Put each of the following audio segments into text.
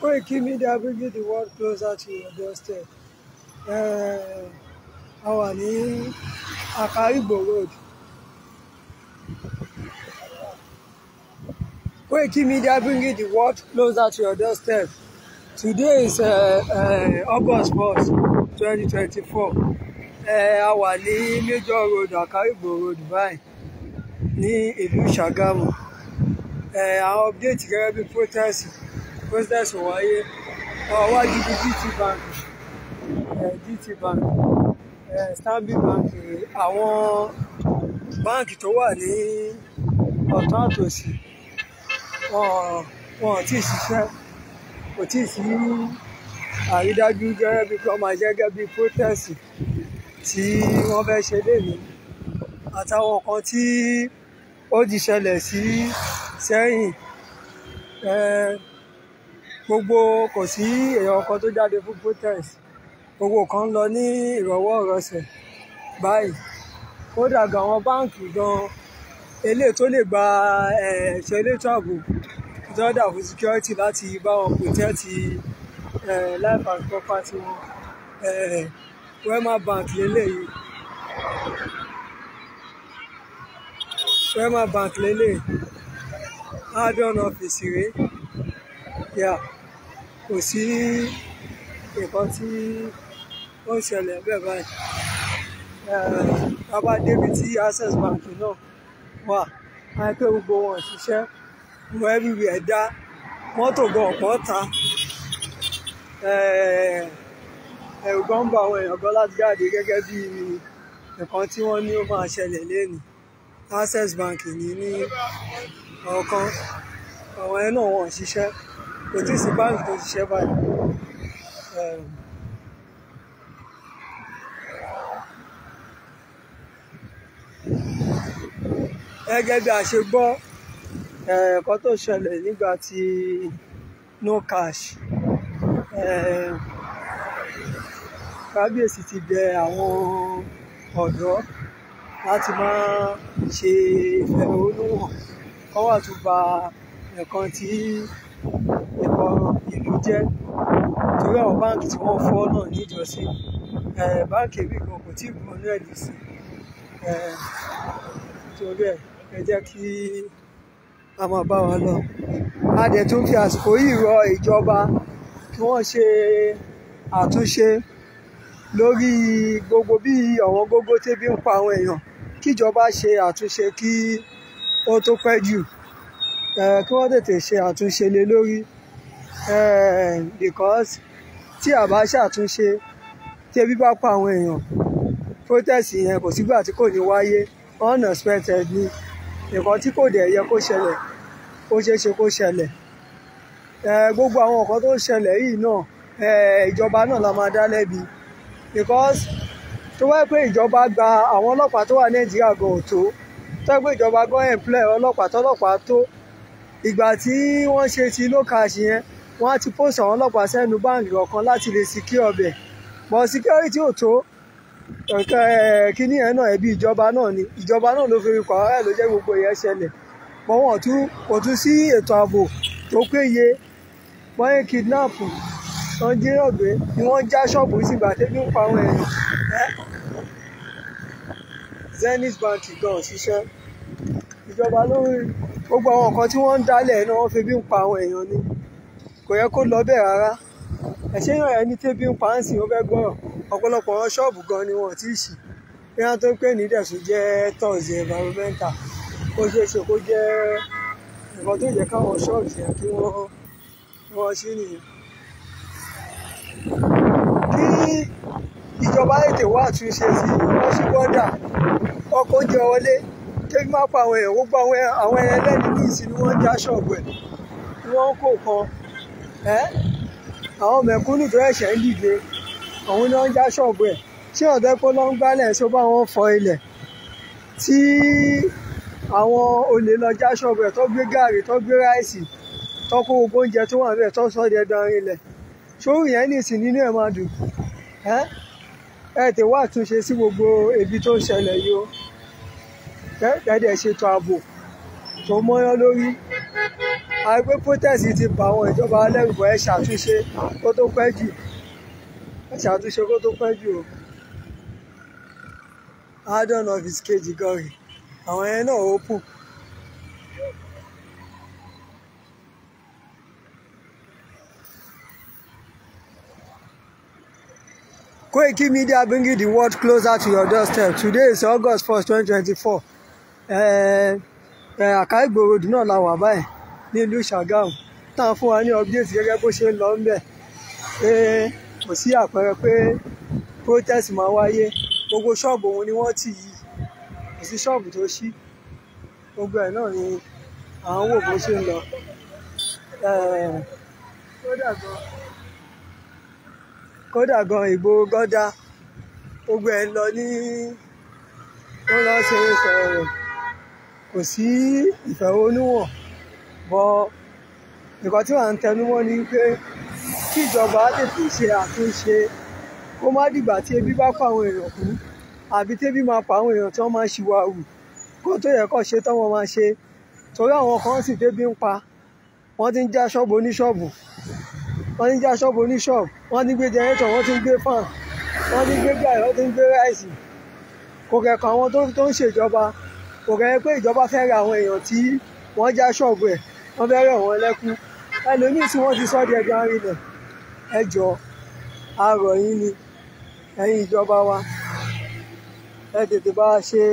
Koiki Media you the world closer to your doorstep. A eh, wà ní Akárìgbò road. Koiki Media you the world closer to your doorstep. Today is uh, uh, August 1st, 2024. Uh, a wà ní Major Road, Akárìgbò road báyìí ní ìlú Ṣàgámù. Àwọn update gẹ́gẹ́ bí protest process wáyé ọwọ́ gidi GT Bank eh, GT Bank eh, Stanbic Bank àwọn báǹkì tó wà ní ọ̀tún àtòsí wọn ò tí ì ṣiṣẹ́ kò tí ì sí àrídájú gẹ́gẹ́ bí kọ́ máa jẹ́ gẹ́gẹ́ bí protest tí wọ́n fẹ́ ṣe lémi àtàwọn kan tí ó ti ṣẹlẹ̀ sí sẹ́yìn. Eh, gbogbo kò sí èèyàn kan tó jáde fún protest gbogbo kan lọ ní ìrọ̀wọ́ ìrọsẹ̀ báyìí kódà gan àwọn báǹkì gan eléyìí tó lè gba ẹ̀ṣọ́ elétò ààbò ìjọdá fún security láti bá wọn protect life and property wọn Wema Bank lélẹ́yìí Wema Bank lélẹ́yìí add-on office rèé. Yeah kò sí nǹkan tí ó ń ṣẹlẹ̀ ń bẹ̀ báyìí tá eh, a bá débi tí access bank náà wà á pé gbogbo wọn ṣiṣẹ́ wọ everywhere dá mọ́tò gan ọ̀pọ̀ ta ẹ̀rù eh, gan eh, ń bá àwọn èèyàn gan láti jáde gẹ́gẹ́ bí nǹkan tí wọ́n ní ó máa ṣẹlẹ̀ lẹ́nu access bank ní ní ọ̀kan àwọn ẹ̀ náà wọ́n ṣiṣẹ́ kò tí ì sí báńkì tó ṣiṣẹ́ báyìí ehm, gẹ́gẹ́ bí a ṣe gbọ́ ẹ̀ẹ̀kan ehm, tó ṣẹlẹ̀ nígbà tí no cash ehm, kábíyèsí ti bẹ àwọn ọ̀dọ́ láti máa ṣe ìfẹ̀hónúhàn kọ́wà tún ba nǹkan tí jẹ́ torí àwọn báǹkì tí wọ́n fọ́ náà ní ìjọsí báǹkì èmi gan kò tí ì gbọ́n ní ẹ̀dùn sí torí ẹ̀ ẹ jẹ́ kí a máa bá wọn lọ. a dẹ̀ tún fi àsìkò yìí rọ ìjọba kí wọ́n ṣe àtúnṣe lórí gbogbo bí ọ̀wọ́n gógó tẹ́bí ń pa àwọn èèyàn kíjọba ṣe àtúnṣe kí ó tó pẹ́ jù kí wọ́n tètè ṣe àtúnṣe lé lórí because tí a bá ṣàtúnṣe tí ebi bá pa àwọn èèyàn protest yẹn kò sígbà tí kò ní wáyé unexpected ni nǹkan tí kò dẹ̀ yẹ kó ṣẹlẹ̀ ó ṣeé ṣe kó ṣẹlẹ̀ gbogbo àwọn nǹkan tó ń ṣẹlẹ̀ yìí náà ìjọba náà la máa dá lẹ́bi because tó wáyé pé ìjọba gba àwọn ọlọ́pàá tó wà Nàìjíríà gan òtó tó wáyé pé ìjọba gan employ ọlọ́pàá tọ́lọ́pàá tó ìgbà tí wọ́n ṣe ti lókàṣì yẹn wọ́n á ti post àwọn ọlọ́pàá sẹ́nu báǹkì kọ̀ọ̀kan láti lè síkí ọbẹ̀ mọ̀ security ò tó kíní ẹ̀ náà ẹ̀bí ìjọba náà ni ìjọba náà ló fi kọ̀ ọ́ ló jẹ́ gbogbo ìyẹn ṣẹlẹ̀ mọ̀ wọ́n ò tún sí ètò ààbò tó péye wọ́n yẹn kidnap wọ́n jí ọ̀gbé ni wọ́n já ṣọ́ọ̀bù sígbà tẹ́bí ń pa àwọn èèyàn Zenith Bank gan ṣiṣẹ́ ìjọba lórí gbogbo àwọn nǹkan tí wọ́n ń dálẹ̀ náà wọ́n fi bí ń pa àwọn èèyàn ni kò yẹ kó lọ bẹ́ẹ̀ rárá ẹ̀ṣẹ́ yàn ẹni tẹ́bí ń pa á sìn ó fẹ́ gbọ́rọ̀ ọ̀pọ̀lọpọ̀ wọn ṣọ́ọ̀bù gan ni wọn ò tí ì ṣí ìran tó ń pè ní dẹ̀sùn jẹ́ tọ̀sí environmental ó ṣeé ṣe kó jẹ́ nǹkan tó yẹ káwọn ṣọ́ọ̀bù yẹn kí wọ́n wọ́n ṣí nìyẹn. kí ìjọba ètè wá àtúnṣe sí wọ́n sí bọ́dà ọkọ̀ oúnjẹ wọlé kébí má pa àwọn èèyàn gbogbo àwọn ẹlẹ́ni ní ìsinmi wọ́n já ṣọ́ọ̀bù ẹ̀ wọ́n kó kan ẹ́ àwọn mẹ̀kúnnù tó ẹ̀ṣẹ̀ ń dìde òun ni wọ́n ń já ṣọ́ọ̀bù ẹ̀ ṣé ọ̀dọ́ pé ló ń gbálẹ̀ ṣó bá wọn fọ ilẹ̀ tí àwọn olè lọ já ṣọ́ọ̀bù ẹ̀ tó gbé gàrí tó gbé ráìsì tó kó gbogbo oúnjẹ tó wà níbẹ̀ tó sọ́ dẹ̀ dán ilẹ̀ ṣóòrùn yẹn nìsín nínú ẹ̀ máa dùn ẹ́ ẹ tẹ̀ wá àtúnṣe sí gbogbo ebi tó ń ṣẹlẹ̀ yìí o dẹ́dẹ̀ ṣètò ààbò tó mọ́yán lórí àìpé protest ti bà àwọn ìjọba alẹ́rùbọ̀ ẹ ṣàtúnṣe kó tó pẹ́ jù ẹ ṣàtúnṣe kó tó pẹ́ jù o adon of his kejì gọrì àwọn yẹn náà ó pù. Koiki Media bringing the world closer to your doorstep. Today is August 1st, 2024. Àkàìgbòròdú náà la wà báyìí nílùú Ṣàgámù tá a fún wa ní update gẹ́gẹ́ bó ṣe ń lọ ńbẹ̀ pé kò sí àpẹẹrẹ pé protest máa wáyé gbogbo ṣọ́ọ̀bù òun ni wọ́n tì yí kò sí ṣọ́ọ̀bù tó ṣí gbogbo ẹ̀ náà ni à ń wò bó ṣe ń lọ kódà gan ìgboro gọ́dá gbogbo ẹ̀ ń lọ ní ó lọ́ọ́ ṣe é sọ̀rọ̀ kò sí ìfẹ̀hónúhàn bọ́ nǹkan tí wọ́n ń tẹnumọ́ ni pé kí ìjọba tètè ṣe àtúnṣe kó má dìgbà tí ebi bá pa àwọn èèyàn kú àbí tébí máa pa àwọn èèyàn tí wọ́n máa ṣìwà hù kó tó yẹ kó ṣe tọ́wọ́ máa ṣe torí àwọn kan sì débí ń pa wọ́n ti ń já ṣọ́ọ̀bù oníṣọ́ọ̀bù wọ́n ti ń já ṣọ́ọ̀bù oníṣọ́ọ̀bù wọ́n ti ń gbé jẹrẹ́tọ̀ wọ́n ti ń gbé fan wọ́n ti ń gbé gàì wọ́n ti ń gbé ráìsì kò kẹ̀kọ́ àwọn tó ń ṣèjọba kò kẹ́ pé ìjọba fẹ́ ra àwọn èèyàn tí wọ́n já ṣọ́ọ̀bù ẹ̀ wọ́n fẹ́ rẹ̀ wọ́n lẹ́kún ẹlòmíì tí wọ́n ti sọ́ di ẹgbẹ́ arinlẹ̀ ẹ jọ yín ni ẹ̀yin ìjọba wa ẹ tètè bá ṣe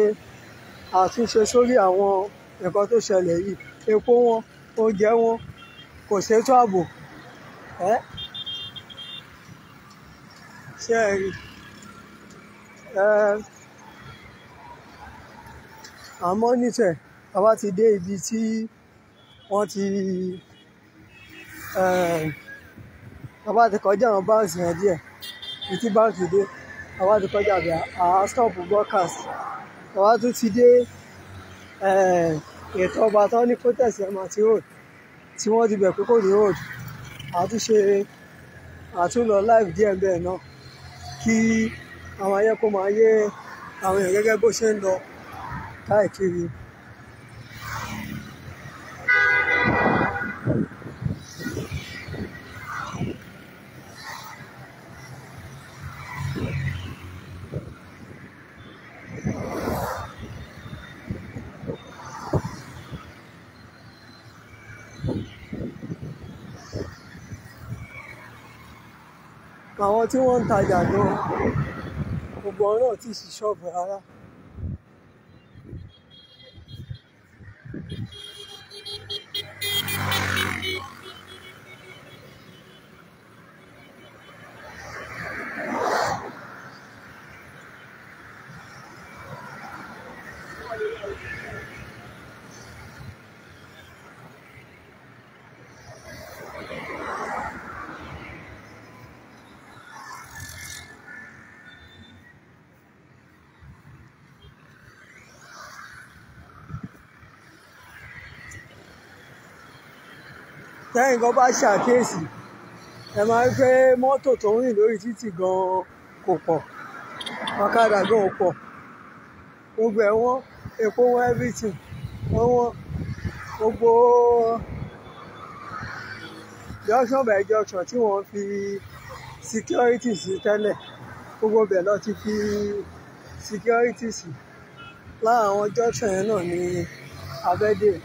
àtúnṣe sórí àwọn nǹkan tó ṣẹlẹ̀ yìí epo wọn oúnjẹ wọn kò ṣètò ààbò ẹ ṣe ẹ rí ẹ àmọ́ nítẹ̀ àwa ti dé ibi tí wọ́n ti bàbá eh, ti kọjá àwọn báǹsì yẹn díẹ̀ ìtí báǹsì dé bàbá ti kọjá àbí àá stop broadcast bàbá ti dé eh, ètò ọba tó ní protest yẹn máa road tí wọ́n ti bẹ̀ pé kò ní road àtúnṣe àtúnlọ live díẹ̀ bẹ́ẹ̀ náà kí àwọn ayé máa yé àwọn èèyàn gẹ́gẹ́ bó ṣe ń lọ káàkiri. àwọn tí wọ́n ń tajà gan-an gbogbo ọ̀rọ̀ ti ṣí ṣọ́ọ̀bù rárá. tẹ́yìn kan bá ṣàkíyèsí ẹ máa ń pé mọ́tò tó ń rìn lórí títì gan-an kò pọ̀ ọ̀kadà gan ò pọ̀ gbogbo ẹ̀ wọ́n epo wọn everything wọ́n wọ́n gbogbo junction by junction tí wọ́n fi security sí tẹ́lẹ̀ gbogbo bẹ̀ lọ ti fi security sí láàwọn junction yẹn náà ní abẹ́dẹ̀.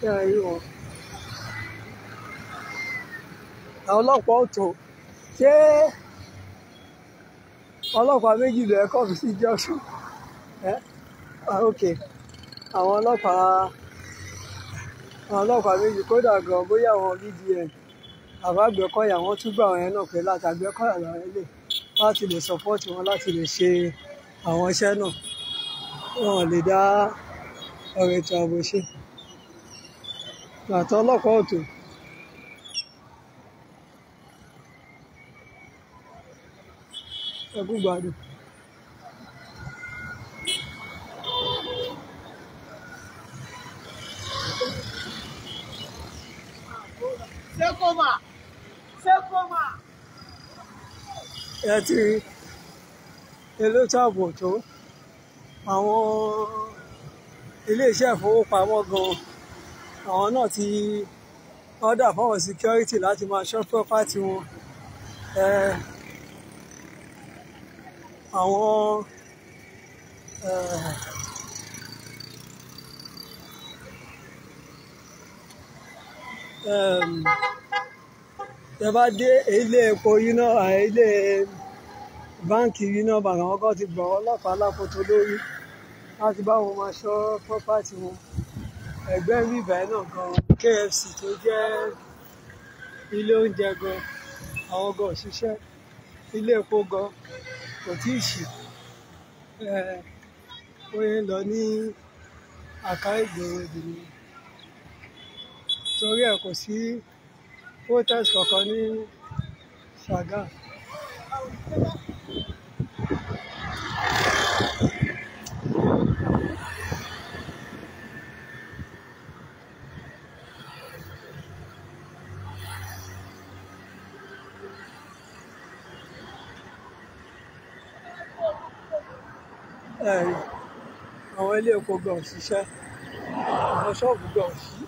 ṣe àyè wọn. àwọn ọlọ́pàá ò tó ṣé ọlọ́pàá méjì lọ ẹ̀kọ́ mi sí junction ẹ́ ok àwọn ọlọ́pàá àwọn ọlọ́pàá méjì kódà gan bóyá àwọn bdn àbágbẹ́kọ̀yà wọ́n tún gbà àwọn yẹn náà pé látàgbẹ́kọ̀yà làwọn ilé láti lè sọpọ́ọ̀tì wọn láti lè ṣe àwọn iṣẹ́ náà wọn lè dá ọ̀rẹ́ ètò bàtà ọlọ́kọ̀ ọ̀tọ̀. ẹ ti rí tó àwọn iléeṣẹ́ ìfowópamọ́ gan-an àwọn náà ti order fáwọn security láti máa ṣọ́ property wọn àwọn tẹ bá dé ilé epo iná ilé báǹkì iná bàgàn ọgọ́ ti gbọ́ ọlọ́pàá lákòótó lórí láti bá wọn máa ṣọ́ property wọn ẹ̀gbẹ́ mi náà gan KFC tó jẹ́ ilé oúnjẹ gan àwọn gan òṣìṣẹ́ ilé epo gan kò tí ì ṣì ó yẹn lọ ní àká ìgboro ìdìbò torí ẹ̀ kò sí protest kankan ní Ṣàgámù. àwọn ilé epo gan ṣiṣẹ́ àwọn ṣọ́ọ̀bù gan ṣí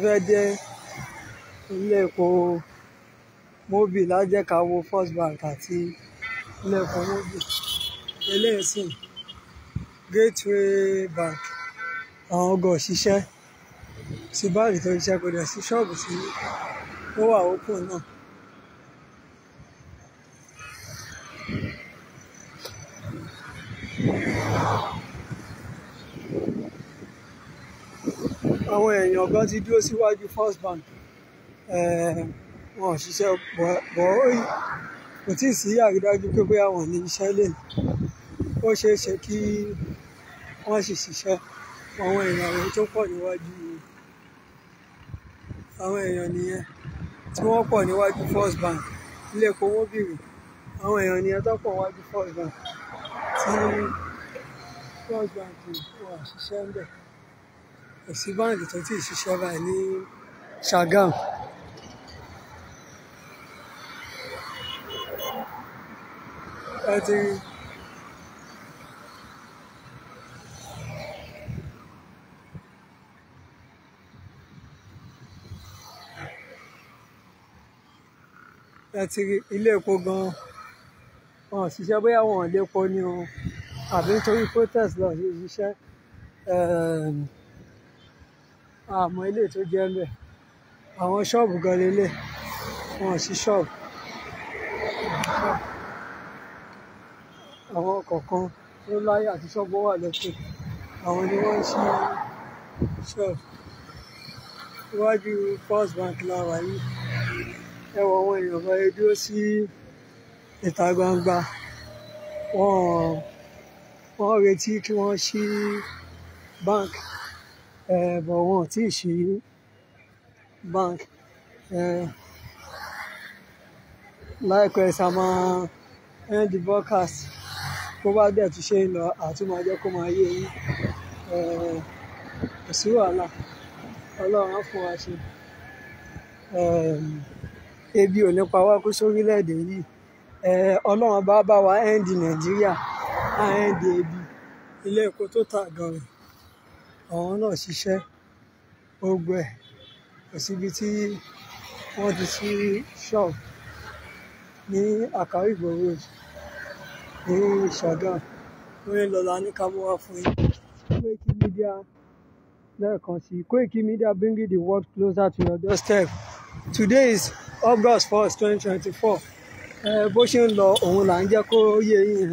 fẹ́ ilé epo mobi lájẹ́ka wo first bank àti ilé epo mobi eléyìí sìn gateway bank àwọn ọgọ́ òṣìṣẹ́ sí báàgì tó ṣiṣẹ́ kò sí ṣọ́ọ̀bù sí tó wà open náà. àwọn èèyàn kan ti dúró síwájú first bank wọn ò ṣiṣẹ́ bọ̀ kò tí ì sí àrídájú pé bóyá wọn ní iṣẹ́ lè ó ṣeé ṣe kí wọ́n sì ṣiṣẹ́ àwọn èèyàn tó pọ̀ níwájú àwọn èèyàn nìyẹn tí wọ́n pọ̀ níwájú First Bank ilé Kówóbìrì àwọn èèyàn nìyẹn tó pọ̀ níwájú First Bank tí First Bank wà ṣiṣẹ́ ń bẹ̀ kò sí báǹkì tó ti ṣiṣẹ́ báyìí ní Ṣàgám. Thank you. láti rí ilé epo gan wọn ṣiṣẹ́ bóyá wọn ò lépo ni o àbí nítorí protest lọ sí ṣiṣẹ́ àmọ́ ilé tó jẹ́ ńbẹ̀ àwọn ṣọ́ọ̀bù gan lélẹ̀ wọn ò sí ṣọ́ọ̀bù àwọn kọ̀ọ̀kan ló láyé àti ṣọ́ọ̀bù wà lókè àwọn ni wọ́n ń ṣí iwájú first bank la yìí ẹ àwọn èèyàn bá yẹ dúró sí ìta gbangba wọ́n wọ́n retí kí wọ́n ṣí bank ẹ bọ̀ wọn ò tí ì ṣí bank ẹ láìpẹ́ ṣá end broadcast tó bá dẹ̀ tún ṣe ń lọ àtúmọ̀ kó máa yé yín kò sí wàhálà ọlọ́run á fún wa ṣe ebi ò ní pa kó sórílẹ̀-èdè yìí ọlọ́run bá bá wa end nàìjíríà á end ebi ilé epo tó ta gan-an àwọn náà ṣiṣẹ́ ó gbẹ kò síbi tí wọ́n ti sí ṣọ́ọ̀bù ní àkàrí ìgbòho ní ṣàgán lórí lọ́la ní ká fún yín. Koiki Media lẹ́ẹ̀kan sí Koiki Media bringing the world closer to your doorstep. Today is August 1st 2024 bó ṣe ń lọ òun là ń jẹ́ kó yé yín